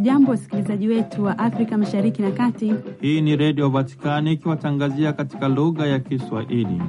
Hamjambo, wasikilizaji wetu wa Afrika mashariki na kati. Hii ni Redio Vatikani ikiwatangazia katika lugha ya Kiswahili.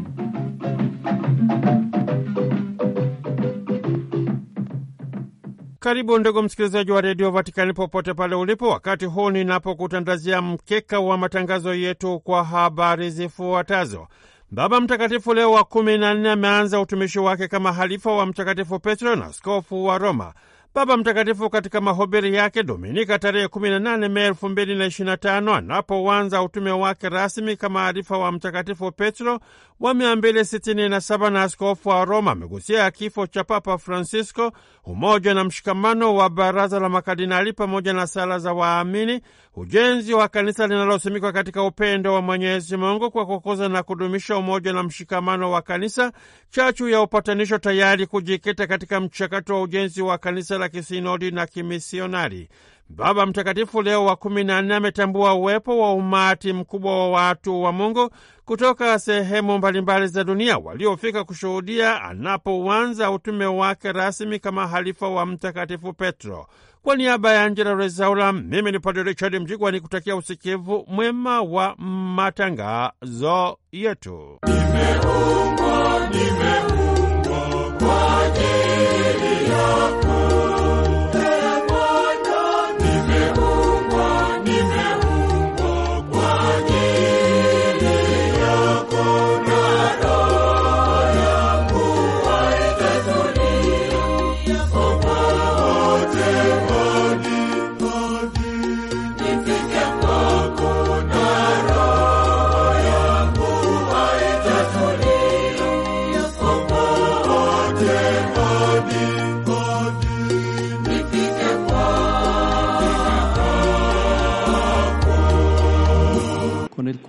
Karibu ndugu msikilizaji wa Redio Vatikani popote pale ulipo, wakati huu ninapokutandazia mkeka wa matangazo yetu kwa habari zifuatazo. Baba Mtakatifu Leo wa 14 ameanza utumishi wake kama halifa wa Mtakatifu Petro na askofu wa Roma. Baba Mtakatifu katika mahubiri yake Dominika tarehe 18 Mei 2025 anapoanza utume wake rasmi kama arifa wa Mtakatifu Petro wa 267 na askofu wa Roma, amegusia kifo cha Papa Francisco, umoja na mshikamano wa baraza la makardinali pamoja na sala za waamini, ujenzi wa kanisa linalosimikwa katika upendo wa Mwenyezi Mungu kwa kukuza na kudumisha umoja na mshikamano wa kanisa, chachu ya upatanisho, tayari kujikita katika mchakato wa ujenzi wa kanisa la kisinodi na kimisionari. Baba Mtakatifu Leo wa kumi na nne ametambua uwepo wa umati mkubwa wa watu wa Mungu kutoka sehemu mbalimbali za dunia waliofika kushuhudia anapoanza utume wake rasmi kama halifa wa Mtakatifu Petro. Kwa niaba ya Angela Rezaula, mimi ni Padre Richard Mjigwa ni kutakia usikivu mwema wa matangazo yetu.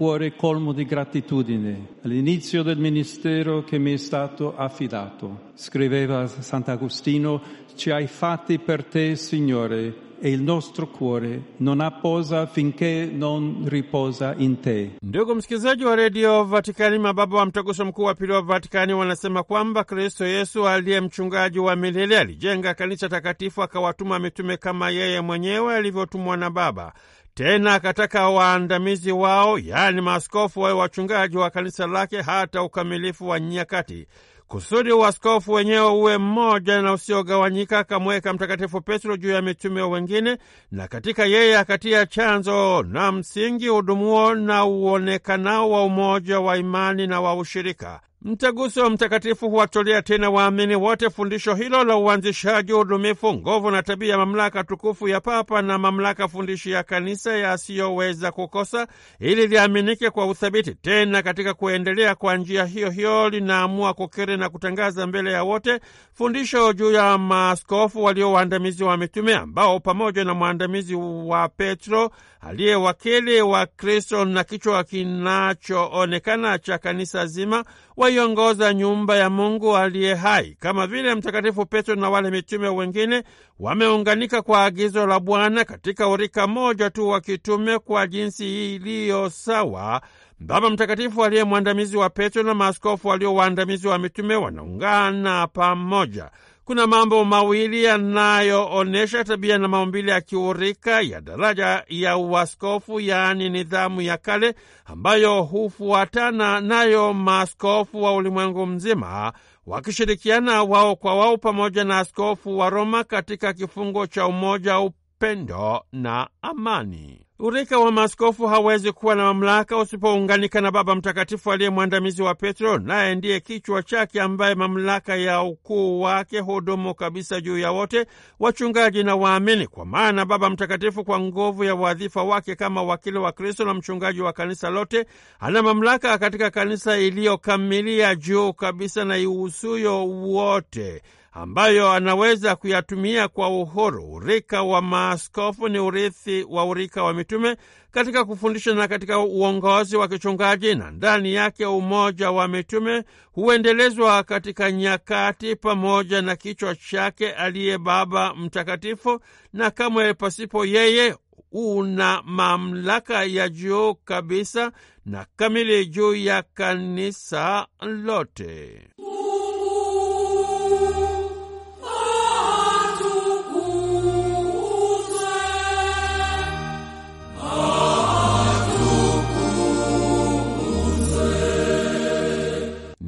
cuore colmo di gratitudine all'inizio del ministero che mi è stato affidato. Scriveva Sant'Agostino, ci hai fatti per te, Signore, e il nostro cuore non ha posa finché non riposa in te. Ndugu msikilizaji wa redio Vatikani, mababa wa mtaguso mkuu wa pili wa Vatikani wanasema kwamba Kristo Yesu aliye mchungaji wa milele alijenga kanisa takatifu, akawatuma mitume kama yeye mwenyewe alivyotumwa na Baba. Tena akataka waandamizi wao, yaani maaskofu, wawe wachungaji wa kanisa lake hata ukamilifu wa nyakati, kusudi waskofu wenyewe uwe mmoja na usiogawanyika. Akamweka Mtakatifu Petro juu ya mitume wengine, na katika yeye akatia chanzo na msingi udumuo na uonekanao wa umoja wa imani na wa ushirika. Mtaguso Mtakatifu huwatolea tena waamini wote fundisho hilo la uanzishaji, udumifu, nguvu na tabia ya mamlaka tukufu ya Papa na mamlaka fundishi ya Kanisa yasiyoweza kukosa, ili liaminike kwa uthabiti. Tena katika kuendelea kwa njia hiyo hiyo, linaamua kukiri na kutangaza mbele ya wote fundisho juu ya maaskofu walio waandamizi wa mitume, ambao pamoja na mwandamizi wa Petro aliye wakili wa Kristo na kichwa kinachoonekana cha kanisa zima waiongoza nyumba ya Mungu aliye hai. Kama vile Mtakatifu Petro na wale mitume wengine wameunganika kwa agizo la Bwana katika urika moja tu wa kitume kwa jinsi iliyo sawa. Baba Mtakatifu aliye mwandamizi wa Petro na maaskofu walio waandamizi wa mitume wanaungana pamoja kuna mambo mawili yanayoonyesha tabia na maumbile ya kiurika ya daraja ya uaskofu, yaani nidhamu ya kale ambayo hufuatana nayo maaskofu wa ulimwengu mzima wakishirikiana wao kwa wao pamoja na askofu wa Roma katika kifungo cha umoja, upendo na amani. Urika wa maaskofu hawezi kuwa na mamlaka usipounganika na Baba Mtakatifu aliye mwandamizi wa Petro, naye ndiye kichwa chake, ambaye mamlaka ya ukuu wake hudumu kabisa juu ya wote wachungaji na waamini. Kwa maana Baba Mtakatifu, kwa nguvu ya wadhifa wake kama wakili wa Kristo na mchungaji wa kanisa lote, ana mamlaka katika kanisa iliyokamilia juu kabisa na iusuyo wote ambayo anaweza kuyatumia kwa uhuru. Urika wa maaskofu ni urithi wa urika wa mitume katika kufundisha na katika uongozi wa kichungaji, na ndani yake umoja wa mitume huendelezwa katika nyakati pamoja na kichwa chake aliye Baba Mtakatifu, na kamwe pasipo yeye una mamlaka ya juu kabisa na kamili juu ya kanisa lote.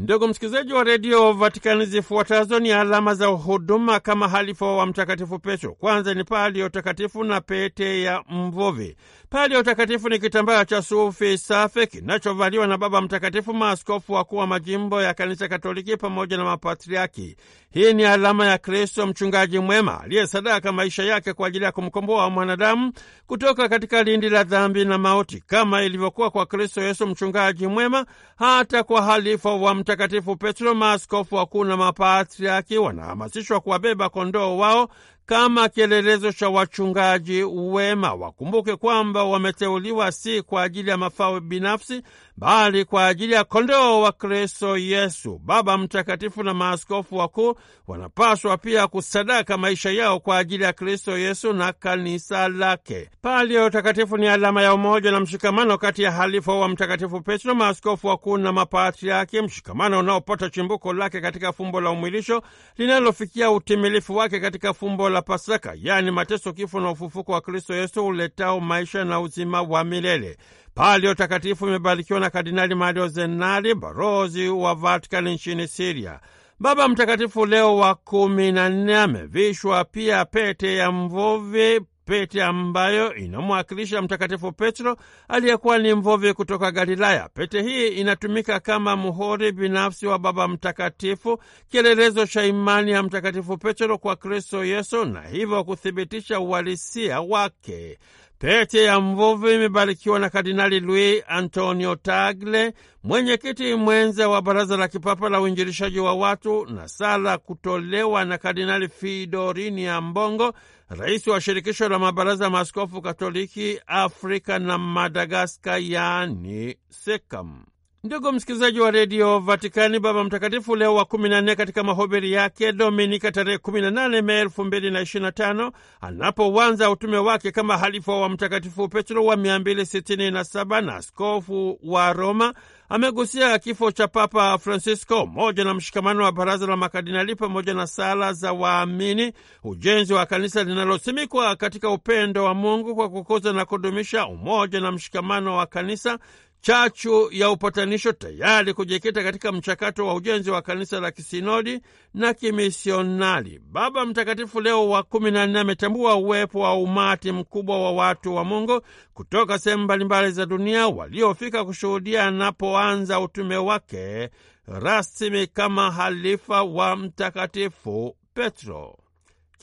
Ndugu msikilizaji wa redio Vatikani, zifuatazo ni alama za huduma kama halifa wa Mtakatifu Petro. Kwanza ni pali ya utakatifu na pete ya mvuvi. Pali ya utakatifu ni kitambaa cha sufi safi kinachovaliwa na Baba Mtakatifu, maaskofu wakuu wa majimbo ya Kanisa Katoliki pamoja na mapatriaki. Hii ni alama ya Kristo, mchungaji mwema aliyesadaka maisha yake kwa ajili ya kumkomboa mwanadamu kutoka katika lindi la dhambi na mauti, kama ilivyokuwa kwa Kristo Yesu, mchungaji mwema, hata kwa halifa wa mtakatifu Mtakatifu Petro, maaskofu wakuu na mapatriaki wanahamasishwa kuwabeba kondoo wao kama kielelezo cha wachungaji wema. Wakumbuke kwamba wameteuliwa si kwa ajili ya mafao binafsi, bali kwa ajili ya kondoo wa Kristo Yesu. Baba Mtakatifu na maaskofu wakuu wanapaswa pia kusadaka maisha yao kwa ajili ya Kristo Yesu na kanisa lake. Palio takatifu ni alama ya umoja na mshikamano kati ya halifa wa Mtakatifu Petro, maaskofu wakuu na mapatriaki, mshikamano unaopata chimbuko lake katika fumbo la umwilisho linalofikia utimilifu wake katika fumbo la Pasaka, yaani mateso, kifo na ufufuko wa Kristo Yesu uletao maisha na uzima wa milele. Palio takatifu imebarikiwa na Kardinali Mario Zenari, barozi wa Vatikani nchini Siria. Baba Mtakatifu Leo wa kumi na nne amevishwa pia pete ya mvuvi, pete ambayo inamwakilisha Mtakatifu Petro aliyekuwa ni mvuvi kutoka Galilaya. Pete hii inatumika kama muhuri binafsi wa Baba Mtakatifu, kielelezo cha imani ya Mtakatifu Petro kwa Kristo Yesu na hivyo kuthibitisha uhalisia wake. Pete ya mvuvi imebarikiwa na Kardinali Luis Antonio Tagle, mwenyekiti mwenza wa Baraza la Kipapa la Uinjilishaji wa Watu, na sala kutolewa na Kardinali Fidorini Ambongo, rais wa Shirikisho la Mabaraza Maaskofu Katoliki Afrika na madagaskar yaani SEKAM. Ndugu msikilizaji wa redio Vatikani, Baba Mtakatifu Leo wa kumi na nne katika mahubiri yake Dominika tarehe 18 Mei elfu mbili na na tano anapoanza utume wake kama halifa wa Mtakatifu Petro wa mia mbili sitini na saba na askofu wa Roma amegusia kifo cha Papa Francisco, moja na mshikamano wa baraza la makardinali pamoja na sala za waamini, ujenzi wa kanisa linalosimikwa katika upendo wa Mungu kwa kukuza na kudumisha umoja na mshikamano wa kanisa, chachu ya upatanisho, tayari kujikita katika mchakato wa ujenzi wa kanisa la kisinodi na kimisionari. Baba Mtakatifu Leo wa kumi na nne ametambua uwepo wa umati mkubwa wa watu wa Mungu kutoka sehemu mbalimbali za dunia waliofika kushuhudia anapoanza utume wake rasmi kama halifa wa Mtakatifu Petro.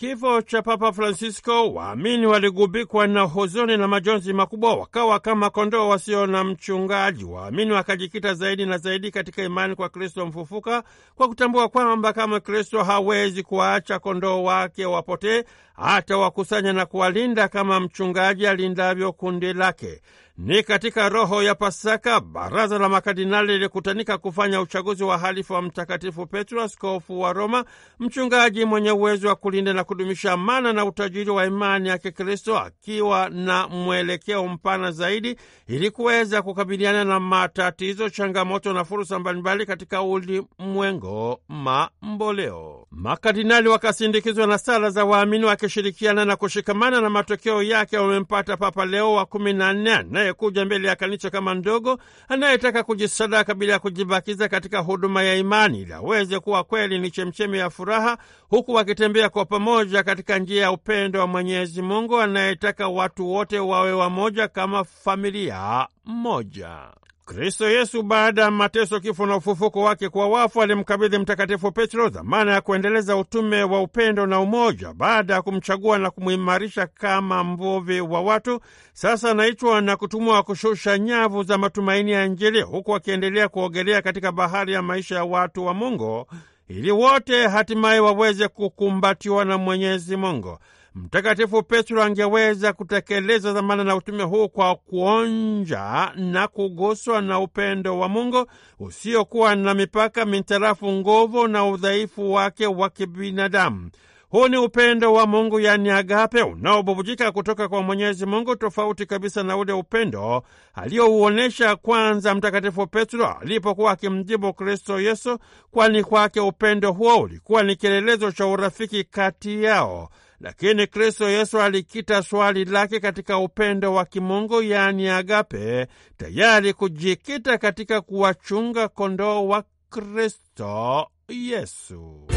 Kifo cha Papa Francisco, waamini waligubikwa na huzuni na majonzi makubwa, wakawa kama kondoo wasio na mchungaji. Waamini wakajikita zaidi na zaidi katika imani kwa Kristo mfufuka, kwa kutambua kwamba kama Kristo hawezi kuwaacha kondoo wake wapotee, atawakusanya na kuwalinda kama mchungaji alindavyo kundi lake. Ni katika roho ya Pasaka baraza la makardinali lilikutanika kufanya uchaguzi wa halifu wa Mtakatifu Petro, askofu wa Roma, mchungaji mwenye uwezo wa kulinda na kudumisha amana na utajiri wa imani ya Kikristo, akiwa na mwelekeo mpana zaidi ili kuweza kukabiliana na matatizo, changamoto na fursa mbalimbali katika ulimwengo mamboleo. Makardinali wakasindikizwa na sala za waamini wake kushirikiana na kushikamana na matokeo yake wamempata Papa Leo wa kumi na nne anayekuja mbele ya kanisa kama ndogo anayetaka kujisadaka bila ya kujibakiza katika huduma ya imani ili aweze kuwa kweli ni chemchemi ya furaha, huku wakitembea kwa pamoja katika njia ya upendo wa Mwenyezi Mungu anayetaka watu wote wawe wamoja kama familia moja. Kristo Yesu baada ya mateso, kifo na ufufuko wake kwa wafu alimkabidhi Mtakatifu Petro dhamana ya kuendeleza utume wa upendo na umoja. Baada ya kumchagua na kumuimarisha kama mvuvi wa watu, sasa anaitwa na kutumwa kushusha nyavu za matumaini ya Injili, huku akiendelea kuogelea katika bahari ya maisha ya watu wa Mungu ili wote hatimaye waweze kukumbatiwa na Mwenyezi Mungu. Mtakatifu Petro angeweza kutekeleza dhamana na utume huu kwa kuonja na kuguswa na upendo wa Mungu usiokuwa na mipaka mintarafu nguvu na udhaifu wake wa kibinadamu. Huu ni upendo wa Mungu yaani agape, unaobubujika kutoka kwa Mwenyezi Mungu, tofauti kabisa na ule upendo aliyouonyesha kwanza Mtakatifu Petro alipokuwa akimjibu Kristo Yesu, kwani kwake upendo huo ulikuwa ni kielelezo cha urafiki kati yao lakini Kristo Yesu alikita swali lake katika upendo wa kimungu, yaani agape, tayari kujikita katika kuwachunga kondoo wa Kristo Yesu.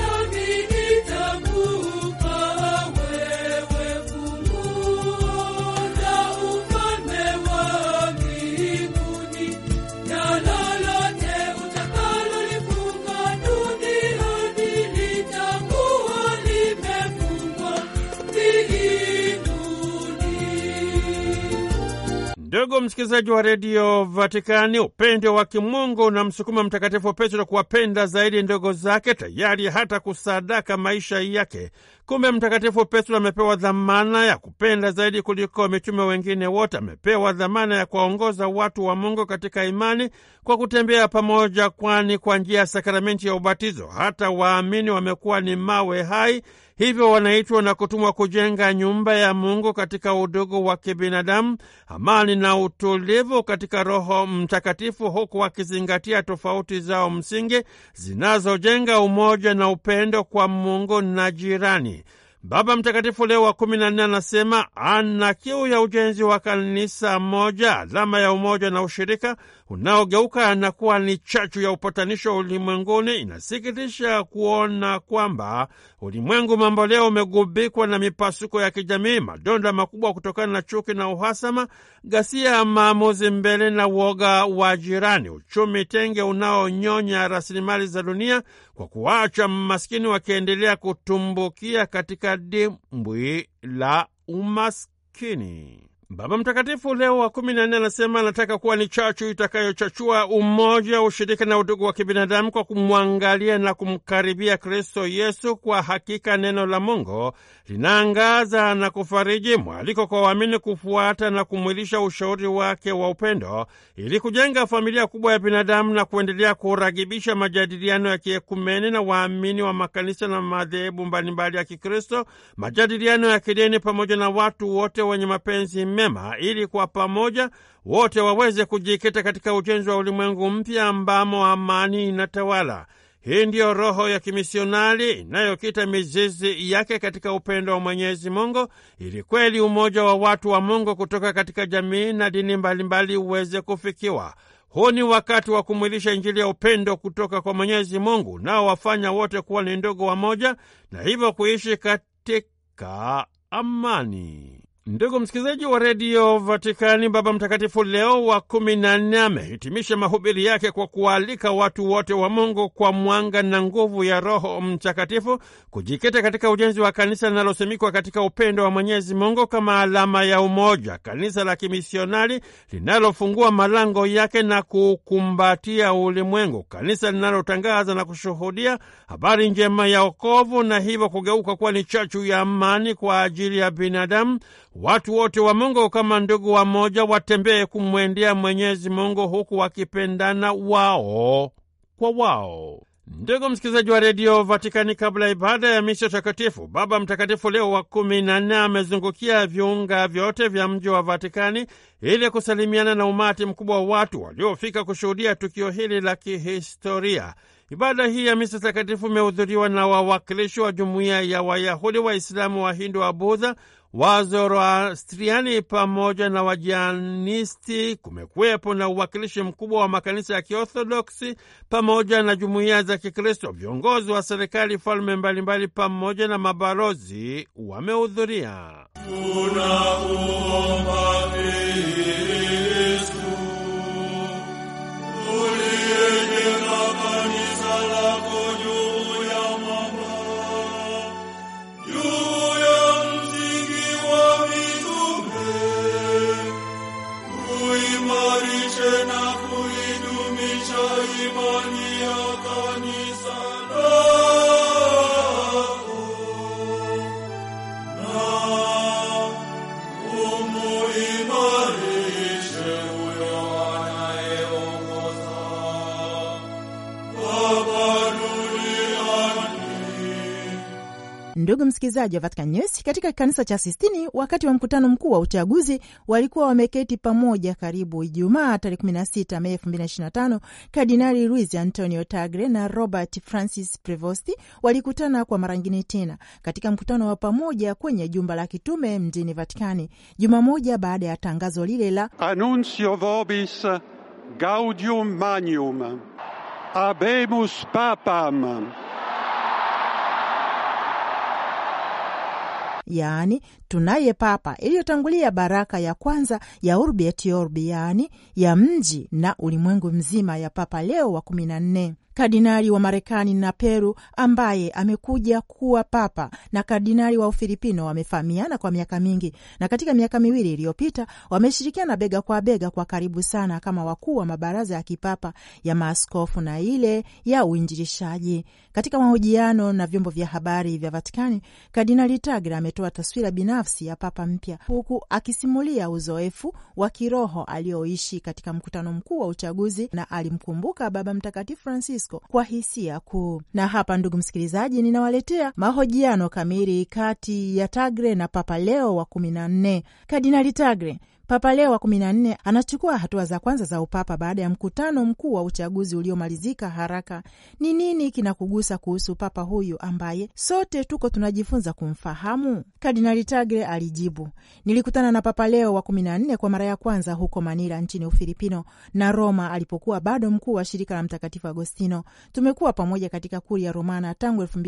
Ndugu msikilizaji wa redio Vatikani, upendo wa kimungu unamsukuma Mtakatifu Petro kuwapenda zaidi ndogo zake, tayari hata kusadaka maisha yake Kumbe Mtakatifu Petro amepewa dhamana ya kupenda zaidi kuliko mitume wengine wote. Amepewa dhamana ya kuwaongoza watu wa Mungu katika imani kwa kutembea pamoja, kwani kwa njia ya sakramenti ya ubatizo hata waamini wamekuwa ni mawe hai, hivyo wanaitwa na kutumwa kujenga nyumba ya Mungu katika udugu wa kibinadamu, amani na utulivu katika Roho Mtakatifu, huku wakizingatia tofauti zao msingi zinazojenga umoja na upendo kwa Mungu na jirani. Baba Mtakatifu Leo wa kumi na nne anasema ana kiu ya ujenzi wa kanisa moja, alama ya umoja na ushirika unaogeuka na kuwa ni chachu ya upatanisho ulimwenguni. Inasikitisha kuona kwamba ulimwengu mambo leo umegubikwa na mipasuko ya kijamii, madonda makubwa kutokana na chuki na uhasama, ghasia ya maamuzi mbele na uoga wa jirani, uchumi tenge unaonyonya rasilimali za dunia kwa kuacha maskini wakiendelea kutumbukia katika idadi mbwi la umaskini. Baba Mtakatifu Leo wa kumi na nne anasema anataka kuwa ni chachu itakayochachua umoja, ushirika na udugu wa kibinadamu kwa kumwangalia na kumkaribia Kristo Yesu. Kwa hakika neno la Mungu linaangaza na kufariji, mwaliko kwa waamini kufuata na kumwilisha ushauri wake wa upendo ili kujenga familia kubwa ya binadamu na kuendelea kuragibisha majadiliano ya kiekumene na waamini wa makanisa na madhehebu mbalimbali ya Kikristo, majadiliano ya kidini pamoja na watu wote wenye mapenzi mema ili kwa pamoja wote waweze kujikita katika ujenzi wa ulimwengu mpya ambamo amani inatawala. Hii ndiyo roho ya kimisionari inayokita mizizi yake katika upendo wa Mwenyezi Mungu, ili kweli umoja wa watu wa Mungu kutoka katika jamii na dini mbalimbali uweze kufikiwa. Huu ni wakati wa kumwilisha Injili ya upendo kutoka kwa Mwenyezi Mungu, nao wafanya wote kuwa ni ndugu wamoja, na hivyo kuishi katika amani. Ndugu msikilizaji wa redio Vatikani, Baba Mtakatifu Leo wa kumi na nne amehitimisha mahubiri yake kwa kuwaalika watu wote wa Mungu kwa mwanga na nguvu ya Roho Mtakatifu kujikita katika ujenzi wa kanisa linalosimikwa katika upendo wa Mwenyezi Mungu kama alama ya umoja, kanisa la kimisionari linalofungua malango yake na kuukumbatia ulimwengu, kanisa linalotangaza na kushuhudia habari njema ya wokovu na hivyo kugeuka kuwa ni chachu ya amani kwa ajili ya binadamu Watu wote wa Mungu kama ndugu wamoja watembee kumwendea Mwenyezi Mungu huku wakipendana wao kwa wao. Ndugu msikilizaji wa redio Vatikani, kabla ibada ya misa takatifu, Baba Mtakatifu Leo wa kumi na nne amezungukia viunga vyote vya mji wa Vatikani ili kusalimiana na umati mkubwa wa watu waliofika kushuhudia tukio hili la kihistoria. Ibada hii ya misa takatifu imehudhuriwa na wawakilishi wa jumuiya ya Wayahudi, Waislamu, Wahindu wa Budha, Wazoroastriani pamoja na wajianisti Kumekuwepo na uwakilishi mkubwa wa makanisa ya Kiorthodoksi pamoja na jumuiya za Kikristo. Viongozi wa serikali falme mbalimbali pamoja na mabalozi wamehudhuria. Tunauomba Ndugu msikilizaji wa Vatican News, katika kanisa cha Sistini wakati wa mkutano mkuu wa uchaguzi walikuwa wameketi pamoja karibu Ijumaa tarehe 16 Mei 2025. Kardinali Luis Antonio tagre na Robert Francis Prevosti walikutana kwa mara nyingine tena katika mkutano wa pamoja kwenye jumba la kitume mjini Vatikani juma moja baada ya tangazo lile la Annuncio vobis Gaudium Magnum Abemus Papam yaani tunaye Papa, iliyotangulia baraka ya kwanza ya Urbi et Orbi, yaani ya mji na ulimwengu mzima ya Papa Leo wa kumi na nne kardinali wa Marekani na Peru ambaye amekuja kuwa papa na kardinali wa Ufilipino wamefahamiana kwa miaka mingi, na katika miaka miwili iliyopita wameshirikiana bega kwa bega kwa karibu sana kama wakuu wa mabaraza ya kipapa ya maaskofu na ile ya uinjilishaji. Katika mahojiano na vyombo vya habari vya Vatikani, Kardinali Tagle ametoa taswira binafsi ya Papa mpya huku akisimulia uzoefu wa kiroho aliyoishi katika mkutano mkuu wa uchaguzi, na alimkumbuka Baba Mtakatifu Francisco kwa hisia kuu. Na hapa, ndugu msikilizaji, ninawaletea mahojiano kamili kati ya Tagle na Papa Leo wa kumi na nne. Kardinali Tagle Papa Leo wa kumi anachukua hatua za kwanza za upapa baada ya mkutano mkuu wa uchaguzi uliomalizika haraka. Ni nini kinakugusa kuhusu papa huyu ambaye sote tuko tunajifunza kumfahamu? Kardinali Tagre alijibu, nilikutana na Papa Leo wa kumi kwa mara ya kwanza huko Manila nchini Ufilipino na Roma alipokuwa bado mkuu wa shirika la Mtakatifu Agostino. Tumekuwa pamoja katika Kuria Romana tangu elfu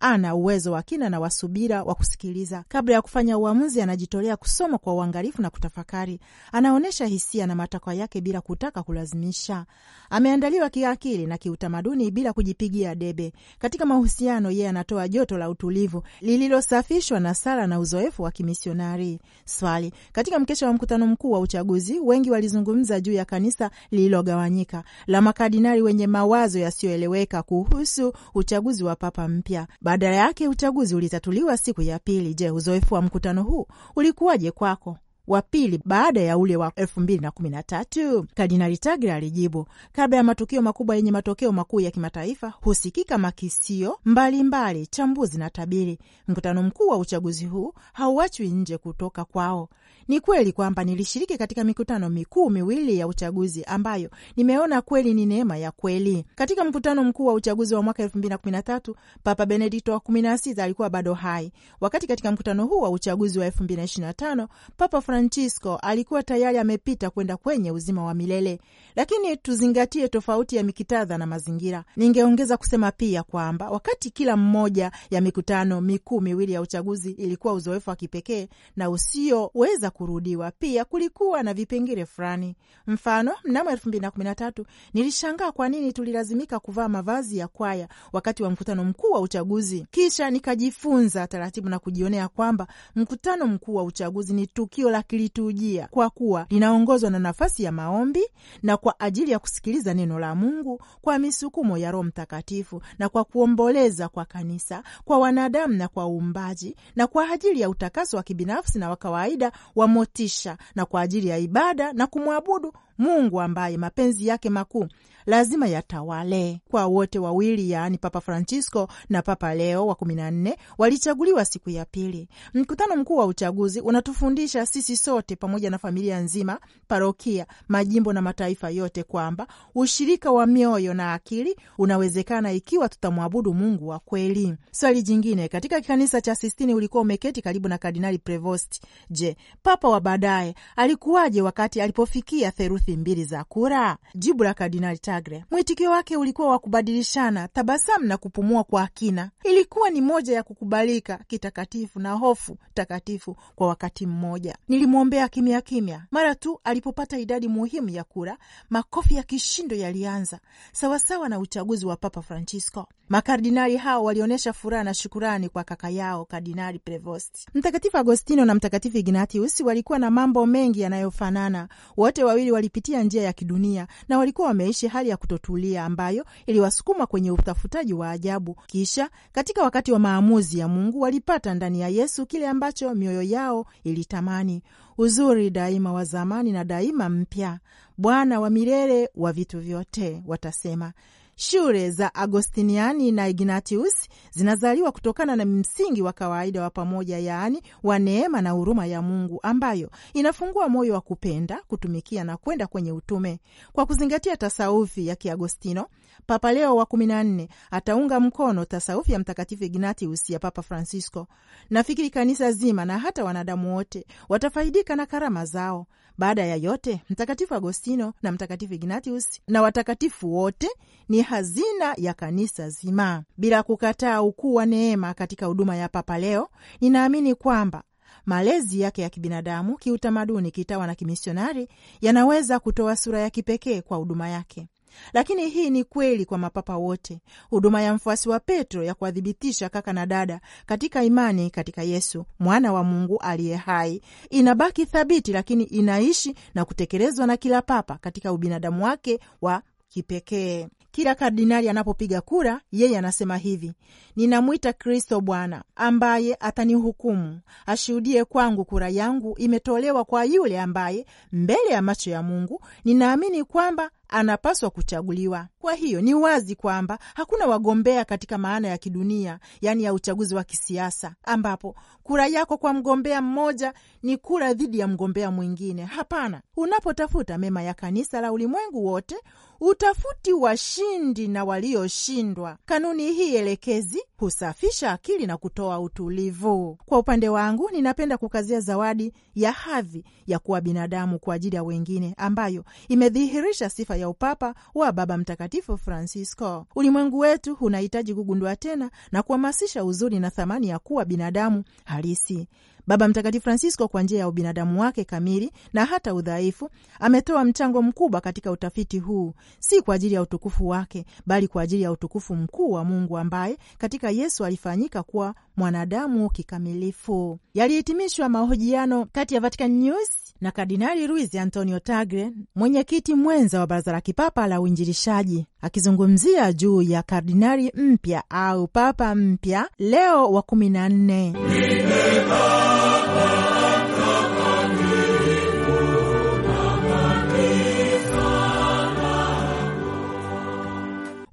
Ana uwezo wa kina na wasubira wa kusikiliza. Kabla ya kufanya uamuzi, anajitolea kusoma kwa uangalifu na kutafakari, anaonyesha hisia na matakwa yake bila kutaka kulazimisha. Ameandaliwa kiakili na kiutamaduni bila kujipigia debe. Katika mahusiano, yeye anatoa joto la utulivu lililosafishwa na sala na uzoefu wa kimisionari. Swali: katika mkesha wa mkutano mkuu wa uchaguzi, wengi walizungumza juu ya kanisa lililogawanyika la makardinali wenye mawazo yasiyoeleweka kuhusu uchaguzi wa papa mpya. Badala yake uchaguzi ulitatuliwa siku ya pili. Je, uzoefu wa mkutano huu ulikuwaje kwako? wa pili baada ya ule wa elfu mbili na kumi na tatu. Kardinali Tagle alijibu, kabla ya matukio makubwa yenye matokeo makuu ya kimataifa husikika makisio mbalimbali, chambuzi na tabiri. Mkutano mkuu wa uchaguzi huu hauachwi nje kutoka kwao. Ni kweli kwamba nilishiriki katika mikutano mikuu miwili ya uchaguzi ambayo nimeona kweli ni neema ya kweli. Katika mkutano mkuu wa uchaguzi wa mwaka elfu mbili na kumi na tatu Papa Benedikto wa kumi na sita alikuwa bado hai, wakati katika mkutano huu wa uchaguzi wa elfu mbili na ishirini na tano Papa Francis Francisco alikuwa tayari amepita kwenda kwenye uzima wa milele, lakini tuzingatie tofauti ya mikitadha na mazingira. Ningeongeza kusema pia kwamba wakati kila mmoja ya mikutano mikuu miwili ya uchaguzi ilikuwa uzoefu wa kipekee na usioweza kurudiwa, pia kulikuwa na vipengele fulani. Mfano, mnamo elfu mbili na kumi na tatu nilishangaa kwa nini tulilazimika kuvaa mavazi ya kwaya wakati wa mkutano mkuu wa uchaguzi. Kisha nikajifunza taratibu na kujionea kwamba mkutano mkuu wa uchaguzi ni tukio la kilitujia kwa kuwa linaongozwa na nafasi ya maombi na kwa ajili ya kusikiliza neno la Mungu kwa misukumo ya Roho Mtakatifu na kwa kuomboleza kwa kanisa, kwa wanadamu na kwa uumbaji, na kwa ajili ya utakaso wa kibinafsi na wa kawaida wa motisha, na kwa ajili ya ibada na kumwabudu Mungu ambaye mapenzi yake makuu lazima yatawale kwa wote wawili, yaani Papa Francisco na Papa Leo wa kumi na nne walichaguliwa siku ya pili. Mkutano mkuu wa uchaguzi unatufundisha sisi sote pamoja na familia nzima, parokia, majimbo na mataifa yote kwamba ushirika wa mioyo na akili unawezekana ikiwa tutamwabudu Mungu wa kweli. Swali jingine katika kikanisa cha Sistini ulikuwa umeketi karibu na Kardinali Prevost. Je, papa wa baadaye alikuwaje wakati alipofikia theluthi mbili za kura? Jibu la Kardinali Tagre, mwitikio wake ulikuwa wa kubadilishana tabasamu na kupumua kwa kina. Ilikuwa ni moja ya kukubalika kitakatifu na hofu takatifu kwa wakati mmoja. Nilimwombea kimya kimya. Mara tu alipopata idadi muhimu ya kura, makofi ya kishindo yalianza, sawasawa na uchaguzi wa Papa Francisco. Makardinali hao walionyesha furaha na shukurani kwa kaka yao Kardinali Prevost. Mtakatifu Agostino na Mtakatifu Ignatius walikuwa na mambo mengi yanayofanana. Wote wawili walipitia njia ya kidunia na walikuwa wameishi hali ya kutotulia ambayo iliwasukuma kwenye utafutaji wa ajabu. Kisha katika wakati wa maamuzi ya Mungu walipata ndani ya Yesu kile ambacho mioyo yao ilitamani: uzuri daima wa zamani na daima mpya, Bwana wa milele wa vitu vyote, watasema. Shule za Agostiniani na Ignatius zinazaliwa kutokana na msingi wa kawaida wa pamoja, yaani wa neema na huruma ya Mungu ambayo inafungua moyo wa kupenda, kutumikia na kwenda kwenye utume. Kwa kuzingatia tasaufi ya Kiagostino, Papa Leo wa kumi na nne ataunga mkono tasaufi ya Mtakatifu Ignatius ya Papa Francisco. Nafikiri kanisa zima na hata wanadamu wote watafaidika na karama zao. Baada ya yote, Mtakatifu Agostino na Mtakatifu Ignatius na watakatifu wote ni hazina ya kanisa zima. Bila kukataa ukuu wa neema katika huduma ya Papa Leo, ninaamini kwamba malezi yake ya kibinadamu, kiutamaduni, kitawa na kimisionari yanaweza kutoa sura ya kipekee kwa huduma yake. Lakini hii ni kweli kwa mapapa wote. Huduma ya mfuasi wa Petro ya kuwathibitisha kaka na dada katika imani katika Yesu mwana wa Mungu aliye hai inabaki thabiti, lakini inaishi na kutekelezwa na kila papa katika ubinadamu wake wa kipekee. Kila kardinali anapopiga kura, yeye anasema hivi: ninamwita Kristo Bwana ambaye atanihukumu, ashuhudie kwangu. Kura yangu imetolewa kwa yule ambaye mbele ya macho ya Mungu ninaamini kwamba anapaswa kuchaguliwa. Kwa hiyo ni wazi kwamba hakuna wagombea katika maana ya kidunia, yaani ya uchaguzi wa kisiasa, ambapo kura yako kwa mgombea mmoja ni kura dhidi ya mgombea mwingine. Hapana, unapotafuta mema ya kanisa la ulimwengu wote utafuti washindi na walioshindwa. Kanuni hii elekezi husafisha akili na kutoa utulivu. Kwa upande wangu, ninapenda kukazia zawadi ya hadhi ya kuwa binadamu kwa ajili ya wengine, ambayo imedhihirisha sifa ya upapa wa Baba Mtakatifu Francisco. Ulimwengu wetu unahitaji kugundua tena na kuhamasisha uzuri na thamani ya kuwa binadamu halisi. Baba Mtakatifu Francisco, kwa njia ya ubinadamu wake kamili na hata udhaifu, ametoa mchango mkubwa katika utafiti huu, si kwa ajili ya utukufu wake, bali kwa ajili ya utukufu mkuu wa Mungu ambaye katika Yesu alifanyika kuwa mwanadamu kikamilifu. Yalihitimishwa mahojiano kati ya Vatican News na Kardinali Luis Antonio tagre mwenyekiti mwenza wa Baraza la Kipapa la Uinjilishaji, akizungumzia juu ya kardinali mpya au papa mpya Leo wa kumi na nne.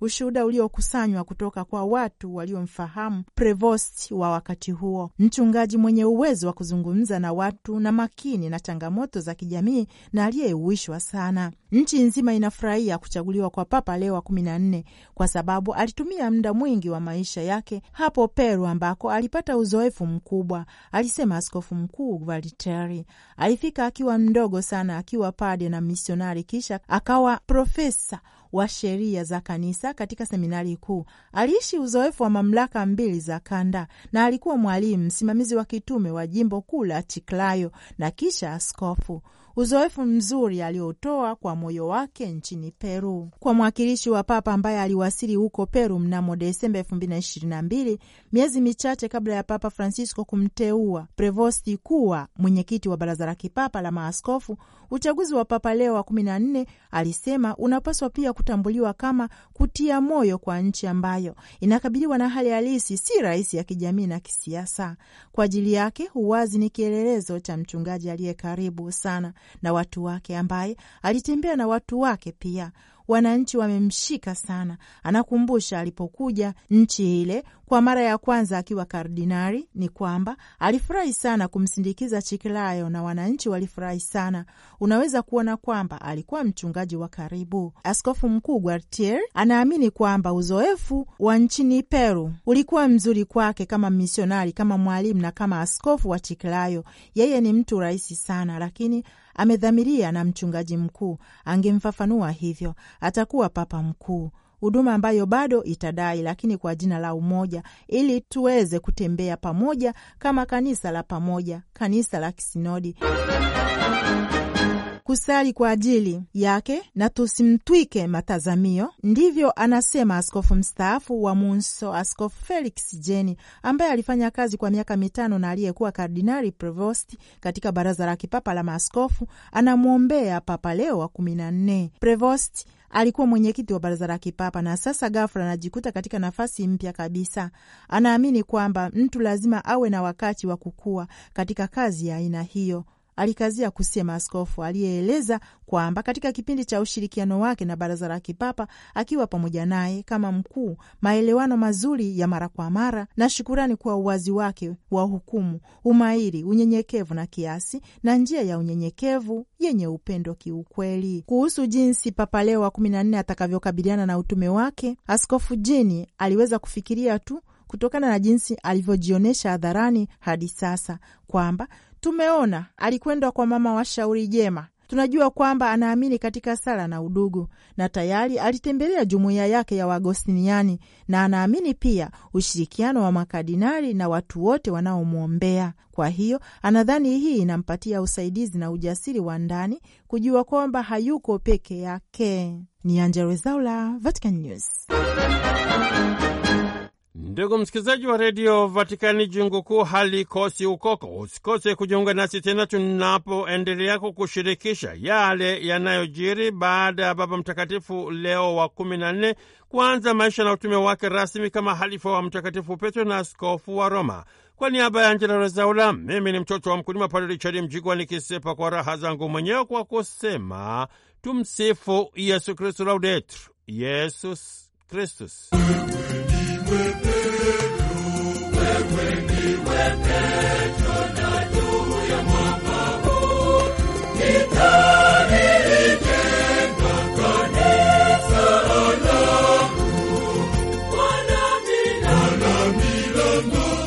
ushuhuda uliokusanywa kutoka kwa watu waliomfahamu Prevost wa wakati huo, mchungaji mwenye uwezo wa kuzungumza na watu na makini na changamoto za kijamii na aliyeuishwa sana. Nchi nzima inafurahia kuchaguliwa kwa Papa Leo wa kumi na nne kwa sababu alitumia muda mwingi wa maisha yake hapo Peru, ambako alipata uzoefu mkubwa, alisema askofu mkuu Valiteri. Alifika akiwa mdogo sana, akiwa pade na misionari, kisha akawa profesa wa sheria za kanisa katika seminari kuu. Aliishi uzoefu wa mamlaka mbili za kanda na alikuwa mwalimu msimamizi wa kitume wa jimbo kuu la chiklayo na kisha askofu uzoefu mzuri aliotoa kwa moyo wake nchini Peru. Kwa mwakilishi wa Papa ambaye aliwasili huko Peru mnamo Desemba 2022 miezi michache kabla ya Papa Francisco kumteua Prevosti kuwa mwenyekiti wa Baraza la Kipapa la Maaskofu, uchaguzi wa Papa Leo wa 14 alisema unapaswa pia kutambuliwa kama kutia moyo kwa nchi ambayo inakabiliwa na hali halisi si rahisi ya kijamii na kisiasa. Kwa ajili yake, uwazi ni kielelezo cha mchungaji aliye karibu sana na watu wake, ambaye alitembea na watu wake pia. Wananchi wamemshika sana. Anakumbusha alipokuja nchi ile kwa mara ya kwanza akiwa kardinari, ni kwamba alifurahi sana kumsindikiza chikilayo na wananchi walifurahi sana. Unaweza kuona kwamba alikuwa mchungaji wa karibu. Askofu Mkuu Gualtier anaamini kwamba uzoefu wa nchini Peru ulikuwa mzuri kwake kama misionari, kama mwalimu na kama askofu wa chikilayo Yeye ni mtu rahisi sana, lakini amedhamiria na mchungaji mkuu angemfafanua hivyo, atakuwa papa mkuu huduma ambayo bado itadai lakini kwa jina la umoja, ili tuweze kutembea pamoja kama kanisa la pamoja, kanisa la kisinodi kusali kwa ajili yake na tusimtwike matazamio. Ndivyo anasema askofu mstaafu wa Munso, Askofu Felix Jeni, ambaye alifanya kazi kwa miaka mitano na aliyekuwa kardinali Prevost katika baraza la kipapa la maaskofu. Anamwombea Papa Leo wa kumi na nne. Prevost alikuwa mwenyekiti wa baraza la kipapa na sasa ghafla anajikuta katika nafasi mpya kabisa. Anaamini kwamba mtu lazima awe na wakati wa kukua katika kazi ya aina hiyo alikazia kusema askofu, aliyeeleza kwamba katika kipindi cha ushirikiano wake na baraza la kipapa akiwa pamoja naye kama mkuu, maelewano mazuri ya mara kwa mara na shukurani kwa uwazi wake wa hukumu, umahiri, unyenyekevu na kiasi, na njia ya unyenyekevu yenye upendo kiukweli. Kuhusu jinsi Papa Leo wa kumi na nne atakavyokabiliana na utume wake, Askofu Jini aliweza kufikiria tu kutokana na jinsi alivyojionyesha hadharani hadi sasa kwamba Tumeona alikwenda kwa mama wa Shauri Jema. Tunajua kwamba anaamini katika sala na udugu, na tayari alitembelea jumuiya yake ya Wagostiniani na anaamini pia ushirikiano wa makardinali na watu wote wanaomwombea. Kwa hiyo anadhani hii inampatia usaidizi na ujasiri wa ndani kujua kwamba hayuko peke yake. Ni Angella Rwezaula, Vatican News. Ndugu msikilizaji wa redio Vatikani, jungu kuu halikosi ukoko. Usikose kujiunga nasi tena tunapoendelea kukushirikisha yale yanayojiri baada ya Baba Mtakatifu Leo wa kumi na nne kuanza maisha na utume wake rasmi kama halifa wa Mtakatifu Petro na askofu wa Roma. Kwa niaba ya Angela Rezaula, mimi ni mtoto wa mkulima Padre Richard Mjigwa, nikisepa kwa raha zangu mwenyewe kwa kusema tumsifu Yesu Kristu, laudetur Yesus Kristus. The moon.